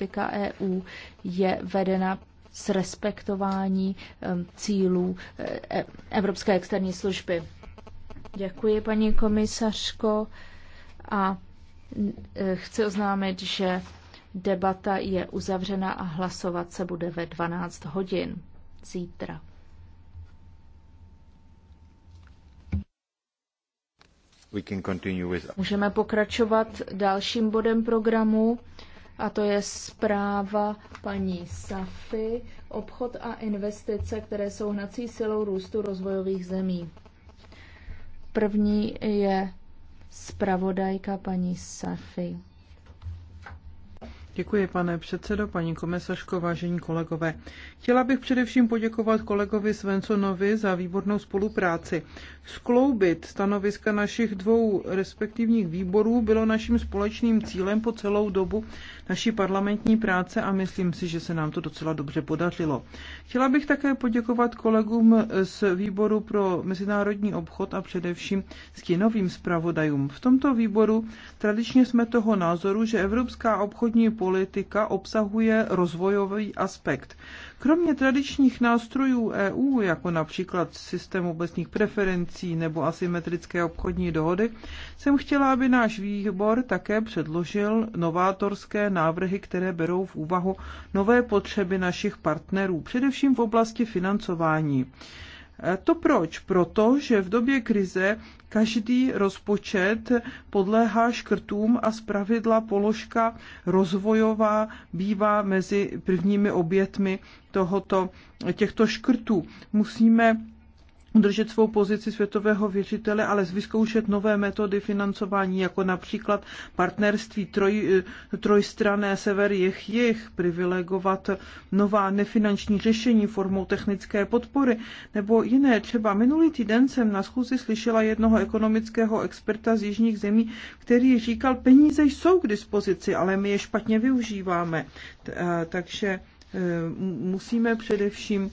politika EU je vedena s respektování cílů eh, e, Evropské externí služby. Děkuji, paní komisařko, a e, chci oznámit, že debata je uzavřena a hlasovat se bude ve 12 hodin zítra. Můžeme pokračovat dalším bodem programu a to je zpráva paní Safy, obchod a investice, které jsou hnací silou růstu rozvojových zemí. První je zpravodajka paní Safy. Děkuji, pane předsedo, paní komisařko, vážení kolegové. Chtěla bych především poděkovat kolegovi Svensonovi za výbornou spolupráci. Skloubit stanoviska našich dvou respektivních výborů bylo naším společným cílem po celou dobu naší parlamentní práce a myslím si, že se nám to docela dobře podařilo. Chtěla bych také poděkovat kolegům z výboru pro mezinárodní obchod a především stínovým zpravodajům. V tomto výboru tradičně jsme toho názoru, že evropská obchodní politika politika obsahuje rozvojový aspekt. Kromě tradičních nástrojů EU, jako například systém obecných preferencí nebo asymetrické obchodní dohody, jsem chtěla, aby náš výbor také předložil novátorské návrhy, které berou v úvahu nové potřeby našich partnerů, především v oblasti financování. E, to proč? že v době krize každý rozpočet podléhá škrtům a zpravidla položka rozvojová bývá mezi prvními obětmi tohoto, těchto škrtů. Musíme udržet svou pozici světového věřitele, ale vyzkoušet nové metody financování, jako například partnerství troj, trojstrané sever jih jich, privilegovat nová nefinanční řešení formou technické podpory, nebo jiné. Třeba minulý týden jsem na schůzi slyšela jednoho ekonomického experta z jižních zemí, který říkal, peníze jsou k dispozici, ale my je špatně využíváme. Takže Eh, musíme především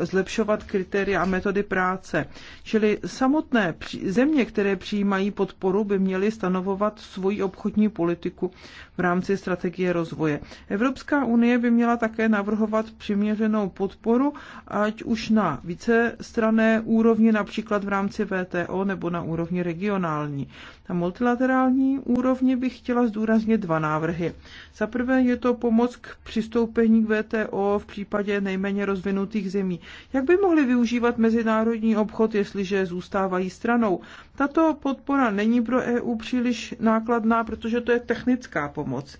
eh, zlepšovat kritéria a metody práce. Čili samotné země, které přijímají podporu, by měly stanovovat svoji obchodní politiku v rámci strategie rozvoje. Evropská unie by měla také navrhovat přiměřenou podporu, ať už na vícestrané úrovni, například v rámci VTO nebo na úrovni regionální. Na multilaterální úrovni bych chtěla zdůraznit dva návrhy. Za prvé je to pomoc k přistoupení k VTO v případě nejméně rozvinutých zemí. Jak by mohly využívat mezinárodní obchod, jestliže zůstávají stranou? Tato podpora není pro EU příliš nákladná, protože to je technická pomoc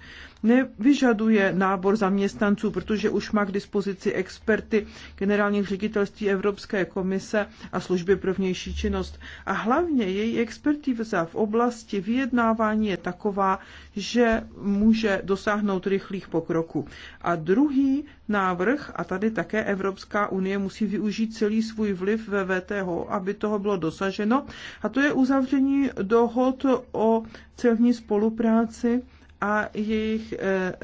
nevyžaduje nábor zaměstnanců, protože už má k dispozici experty generálních ředitelství Evropské komise a služby pro vnější činnost. A hlavně její expertíza v oblasti vyjednávání je taková, že může dosáhnout rychlých pokroků. A druhý návrh, a tady také Evropská unie musí využít celý svůj vliv ve VTO, aby toho bylo dosaženo, a to je uzavření dohod o celní spolupráci a jejich, eh,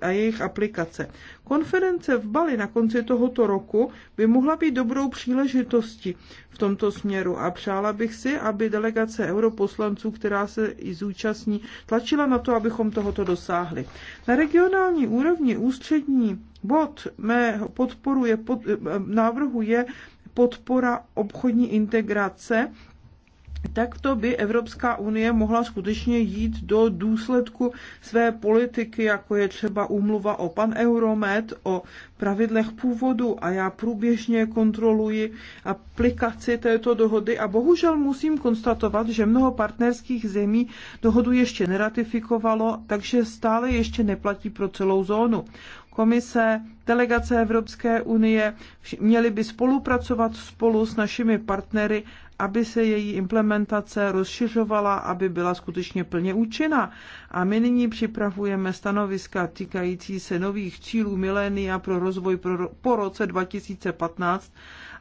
a jejich aplikace. Konference v Bali na konci tohoto roku by mohla být dobrou příležitostí v tomto směru a přála bych si, aby delegace europoslanců, která se i zúčastní, tlačila na to, abychom tohoto dosáhli. Na regionální úrovni ústřední bod mého podporu je pod, eh, návrhu je podpora obchodní integrace takto by Evropská unie mohla skutečně jít do důsledku své politiky, jako je třeba úmluva o pan Euromed, o pravidlech původu a já průběžně kontroluji aplikaci této dohody a bohužel musím konstatovat, že mnoho partnerských zemí dohodu ještě neratifikovalo, takže stále ještě neplatí pro celou zónu komise, delegace Evropské unie měly by spolupracovat spolu s našimi partnery aby se její implementace rozšiřovala, aby byla skutečně plně účinná. A my nyní připravujeme stanoviska týkající se nových cílů milénia pro rozvoj pro, po roce 2015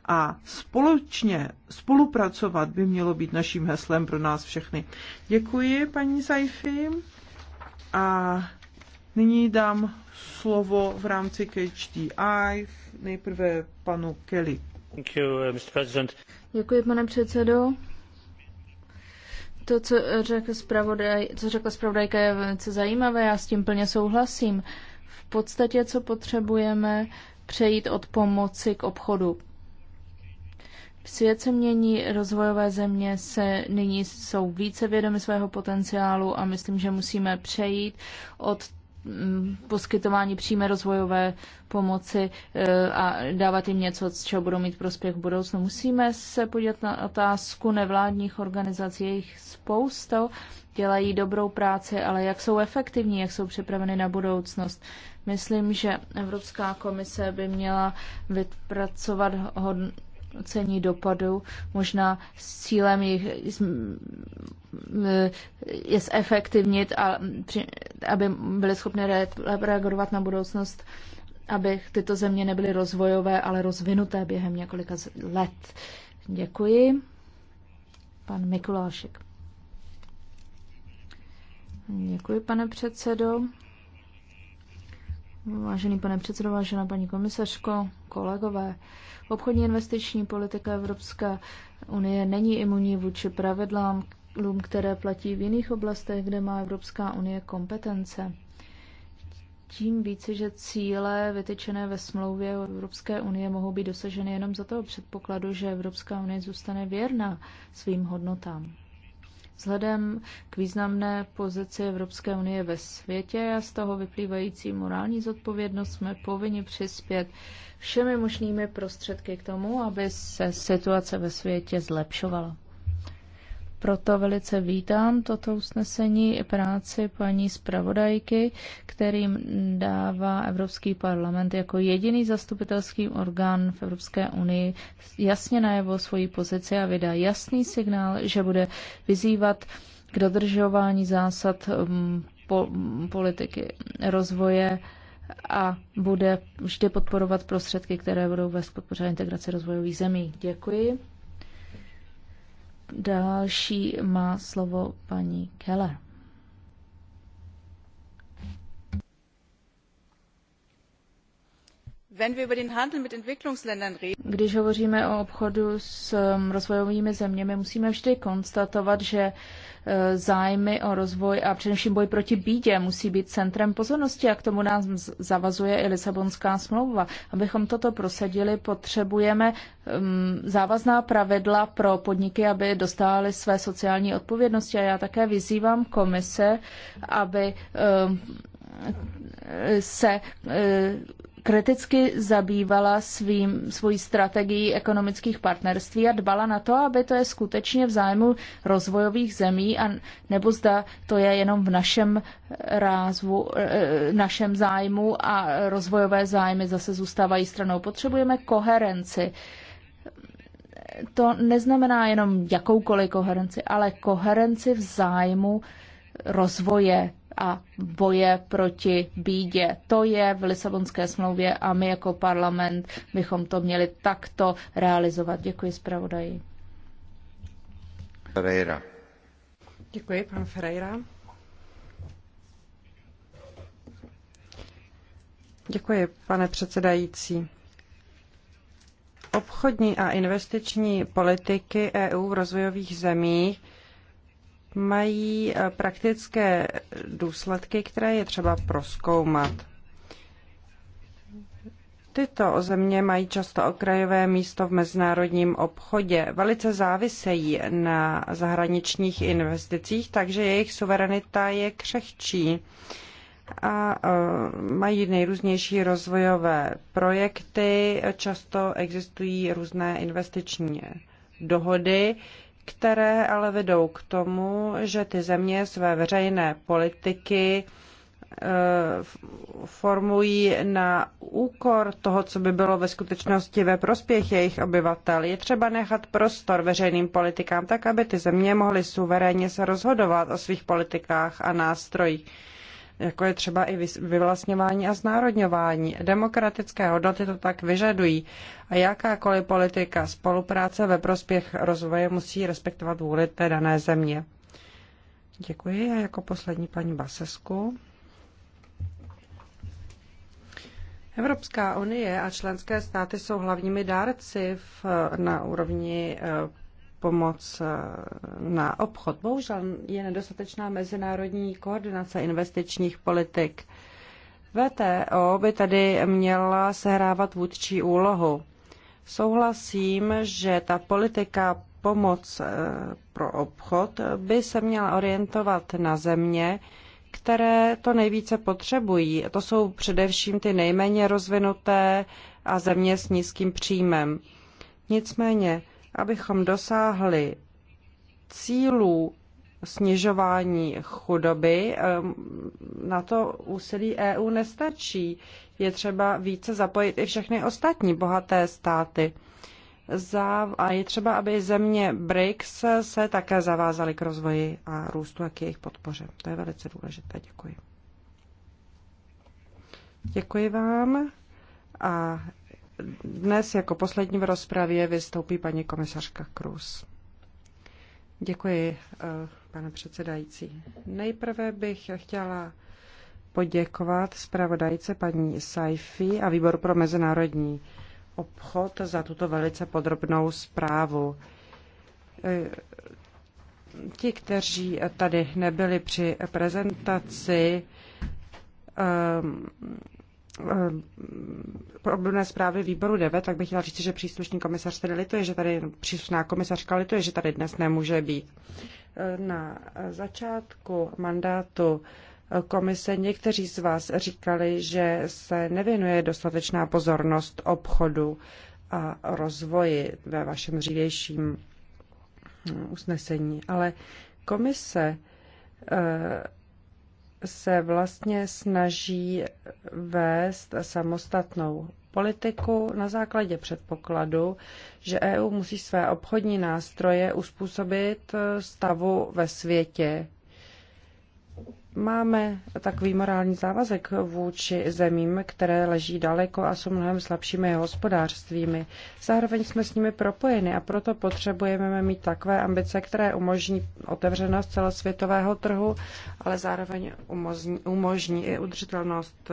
a společně spolupracovat by mělo být naším heslem pro nás všechny. Děkuji, paní Saifi. A nyní dám slovo v rámci KHDI nejprve panu Kelly. Thank you, uh, Mr. President. Děkuji, pane předsedo. To, co, řekl zpravodaj, co řekla zpravodajka, je velice zajímavé, já s tím plně souhlasím. V podstatě, co potřebujeme, přejít od pomoci k obchodu. Svět se mění, rozvojové země se nyní jsou více vědomy svého potenciálu a myslím, že musíme přejít od Mm, poskytování přímé rozvojové pomoci eh, a dávat jim něco, z čeho budou mít prospěch v budoucnu. Musíme se podívat na otázku nevládních organizací. Jejich spousta dělají dobrou práci, ale jak jsou efektivní, jak jsou připraveny na budoucnost. Myslím, že Evropská komise by měla vypracovat hodnotu ocení dopadu, možná s cílem jich je zefektivnit, a, aby byly schopny reagovat na budoucnost, aby tyto země nebyly rozvojové, ale rozvinuté během několika let. Děkuji. Pan Mikulášek. Děkuji, pane předsedo. Vážený pane předsedo, vážená paní komisařko, kolegové, obchodní investiční politika Evropské unie není imunní vůči pravidlům, které platí v jiných oblastech, kde má Evropská unie kompetence. Tím více, že cíle vytyčené ve smlouvě o Evropské unie mohou být dosaženy jenom za toho předpokladu, že Evropská unie zůstane věrná svým hodnotám. Vzhledem k významné pozici Evropské unie ve světě a z toho vyplývající morální zodpovědnost jsme povinni přispět všemi možnými prostředky k tomu, aby se situace ve světě zlepšovala. Proto velice vítám toto usnesení i práci paní zpravodajky, kterým dává Evropský parlament jako jediný zastupitelský orgán v Evropské unii jasně najevo svoji pozici a vydá jasný signál, že bude vyzývat k dodržování zásad um, po, um, politiky rozvoje a bude vždy podporovat prostředky, které budou vést podpořit podpoře integraci rozvojových zemí. Děkuji. Další má slovo paní Keller. Když hovoříme o obchodu s um, rozvojovými zeměmi, musíme vždy konstatovat, že uh, zájmy o rozvoj a především boj proti bídě musí být centrem pozornosti a k tomu nás zavazuje i Lisabonská smlouva. Abychom toto prosadili, potřebujeme um, závazná pravidla pro podniky, aby dostávali své sociální odpovědnosti a já také vyzývám komise, aby um, se uh, kriticky zabývala svým, svojí strategií ekonomických partnerství a dbala na to, aby to je skutečně v zájmu rozvojových zemí a nebo zda to je jenom v našem rázvu, eh, našem zájmu a rozvojové zájmy zase zůstávají stranou. Potřebujeme koherenci. To neznamená jenom jakoukoliv koherenci, ale koherenci v zájmu rozvoje a boje proti bídě. To je v Lisabonské smlouvě a my jako parlament bychom to měli takto realizovat. Děkuji zpravodaji. Ferreira. Děkuji, pan Ferreira. Děkuji, pane předsedající. Obchodní a investiční politiky EU v rozvojových zemích mají eh, praktické důsledky, které je třeba proskoumat. Tyto země mají často okrajové místo v mezinárodním obchodě. Velice závisejí na zahraničních investicích, takže jejich suverenita je křehčí a eh, mají nejrůznější rozvojové projekty. Často existují různé investiční dohody, které ale vedou k tomu, že ty země své veřejné politiky eh, formují na úkor toho, co by bylo ve skutečnosti ve prospěch jejich obyvatel. Je třeba nechat prostor veřejným politikám tak, aby ty země mohly suverénně se rozhodovat o svých politikách a nástrojích jako je třeba i vyvlastňování a znárodňování. Demokratické hodnoty to tak vyžadují a jakákoliv politika spolupráce ve prospěch rozvoje musí respektovat vůli té dané země. Děkuji a jako poslední paní Basesku. Evropská unie a členské státy jsou hlavními dárci v, na úrovni eh, pomoc eh, na obchod. Bohužel je nedostatečná mezinárodní koordinace investičních politik. VTO by tady měla sehrávat vůdčí úlohu. Souhlasím, že ta politika pomoc eh, pro obchod by se měla orientovat na země, které to nejvíce potřebují. To jsou především ty nejméně rozvinuté a země s nízkým příjmem. Nicméně abychom dosáhli cílů snižování chudoby, ehm, na to úsilí EU nestačí. Je třeba více zapojit i všechny ostatní bohaté státy. A je třeba, aby země BRICS se také zavázaly k rozvoji a růstu a k jejich podpoře. To je velice důležité. Děkuji. Děkuji vám. A dnes jako poslední v rozpravě vystoupí paní komisařka Krus. Děkuji, eh, pane předsedající. Nejprve bych chtěla poděkovat zpravodajce paní Saifi a výboru pro mezinárodní obchod za tuto velice podrobnou zprávu. Eh, ti, kteří tady nebyli při prezentaci, ehm, Eh, obdobné zprávy výboru 9, tak bych chtěla říct, že příslušný komisař tedy lituje, že tady příslušná komisařka lituje, že tady dnes nemůže být. Eh, na začátku mandátu eh, komise někteří z vás říkali, že se nevěnuje dostatečná pozornost obchodu a rozvoji ve vašem dřívějším hm, usnesení, ale komise se vlastně snaží vést samostatnou politiku na základě předpokladu, že EU musí své obchodní nástroje uspůsobit stavu ve světě, Máme takový morální závazek vůči zemím, které leží daleko a jsou mnohem slabšími hospodářstvími. Zároveň jsme s nimi propojeni a proto potřebujeme mít takové ambice, které umožní otevřenost celosvětového trhu, ale zároveň umožní, umožní i udržitelnost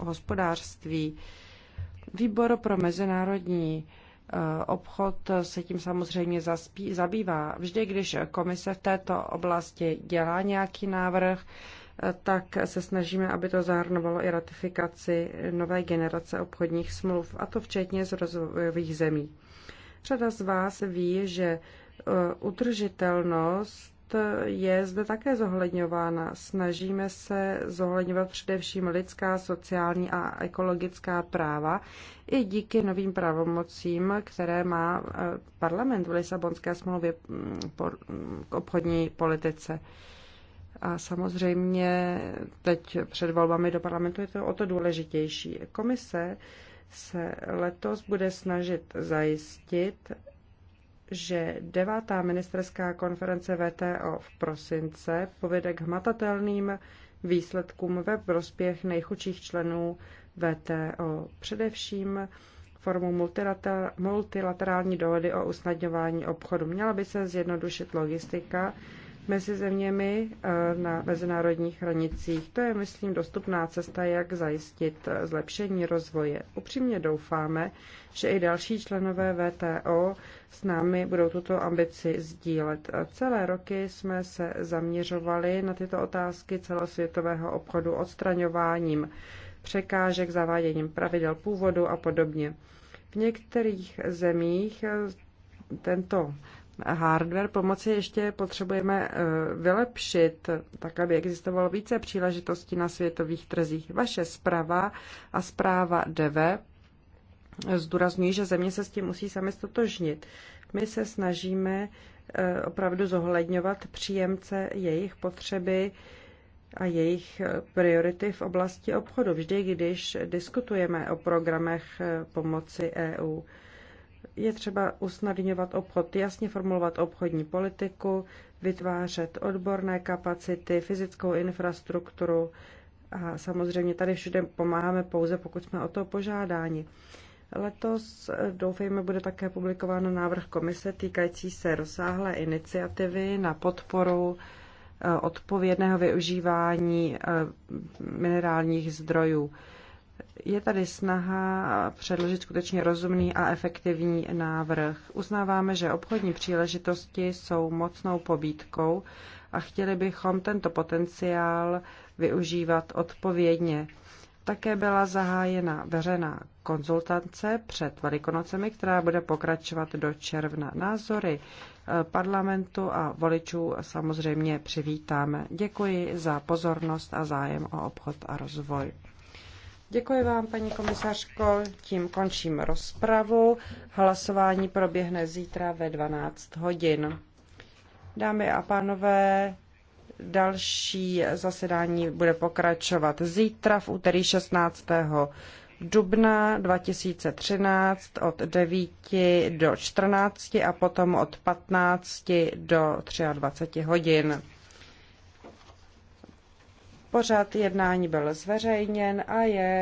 hospodářství. Výbor pro mezinárodní Obchod se tím samozřejmě zaspí, zabývá. Vždy, když komise v této oblasti dělá nějaký návrh, tak se snažíme, aby to zahrnovalo i ratifikaci nové generace obchodních smluv, a to včetně z rozvojových zemí. Řada z vás ví, že eh, udržitelnost je zde také zohledňována. Snažíme se zohledňovat především lidská, sociální a ekologická práva i díky novým pravomocím, které má eh, parlament v Lisabonské smlouvě mm, mm, k obchodní politice. A samozřejmě teď před volbami do parlamentu je to o to důležitější. Komise se letos bude snažit zajistit, že devátá ministerská konference VTO v prosince povede k hmatatelným výsledkům ve prospěch nejchudších členů VTO, především formou multilaterální dohody o usnadňování obchodu. Měla by se zjednodušit logistika mezi zeměmi eh, na mezinárodních hranicích. To je, myslím, dostupná cesta, jak zajistit eh, zlepšení rozvoje. Upřímně doufáme, že i další členové VTO s námi budou tuto ambici sdílet. Eh, celé roky jsme se zaměřovali na tyto otázky celosvětového obchodu odstraňováním překážek, zaváděním pravidel původu a podobně. V některých zemích tento hardware pomoci ještě potřebujeme eh, vylepšit, tak aby existovalo více příležitostí na světových trzích. Vaše zpráva a zpráva DV zdůrazňují, že země se s tím musí sami stotožnit. My se snažíme eh, opravdu zohledňovat příjemce jejich potřeby a jejich eh, priority v oblasti obchodu, vždy když diskutujeme o programech pomoci EU. Je třeba usnadňovat obchod, jasně formulovat obchodní politiku, vytvářet odborné kapacity, fyzickou infrastrukturu a samozřejmě tady všude pomáháme pouze, pokud jsme o to požádáni. Letos, doufejme, bude také publikován návrh komise týkající se rozsáhlé iniciativy na podporu eh, odpovědného využívání eh, minerálních zdrojů je tady snaha předložit skutečně rozumný a efektivní návrh. Uznáváme, že obchodní příležitosti jsou mocnou pobídkou a chtěli bychom tento potenciál využívat odpovědně. Také byla zahájena veřejná konzultace před Velikonocemi, která bude pokračovat do června. Názory eh, parlamentu a voličů samozřejmě přivítáme. Děkuji za pozornost a zájem o obchod a rozvoj. Děkuji vám, paní komisařko. Tím končím rozpravu. Hlasování proběhne zítra ve 12 hodin. Dámy a pánové, další zasedání bude pokračovat zítra v úterý 16. dubna 2013 od 9 do 14 a potom od 15 do 23 hodin. Pořád jednání byl zveřejněn a je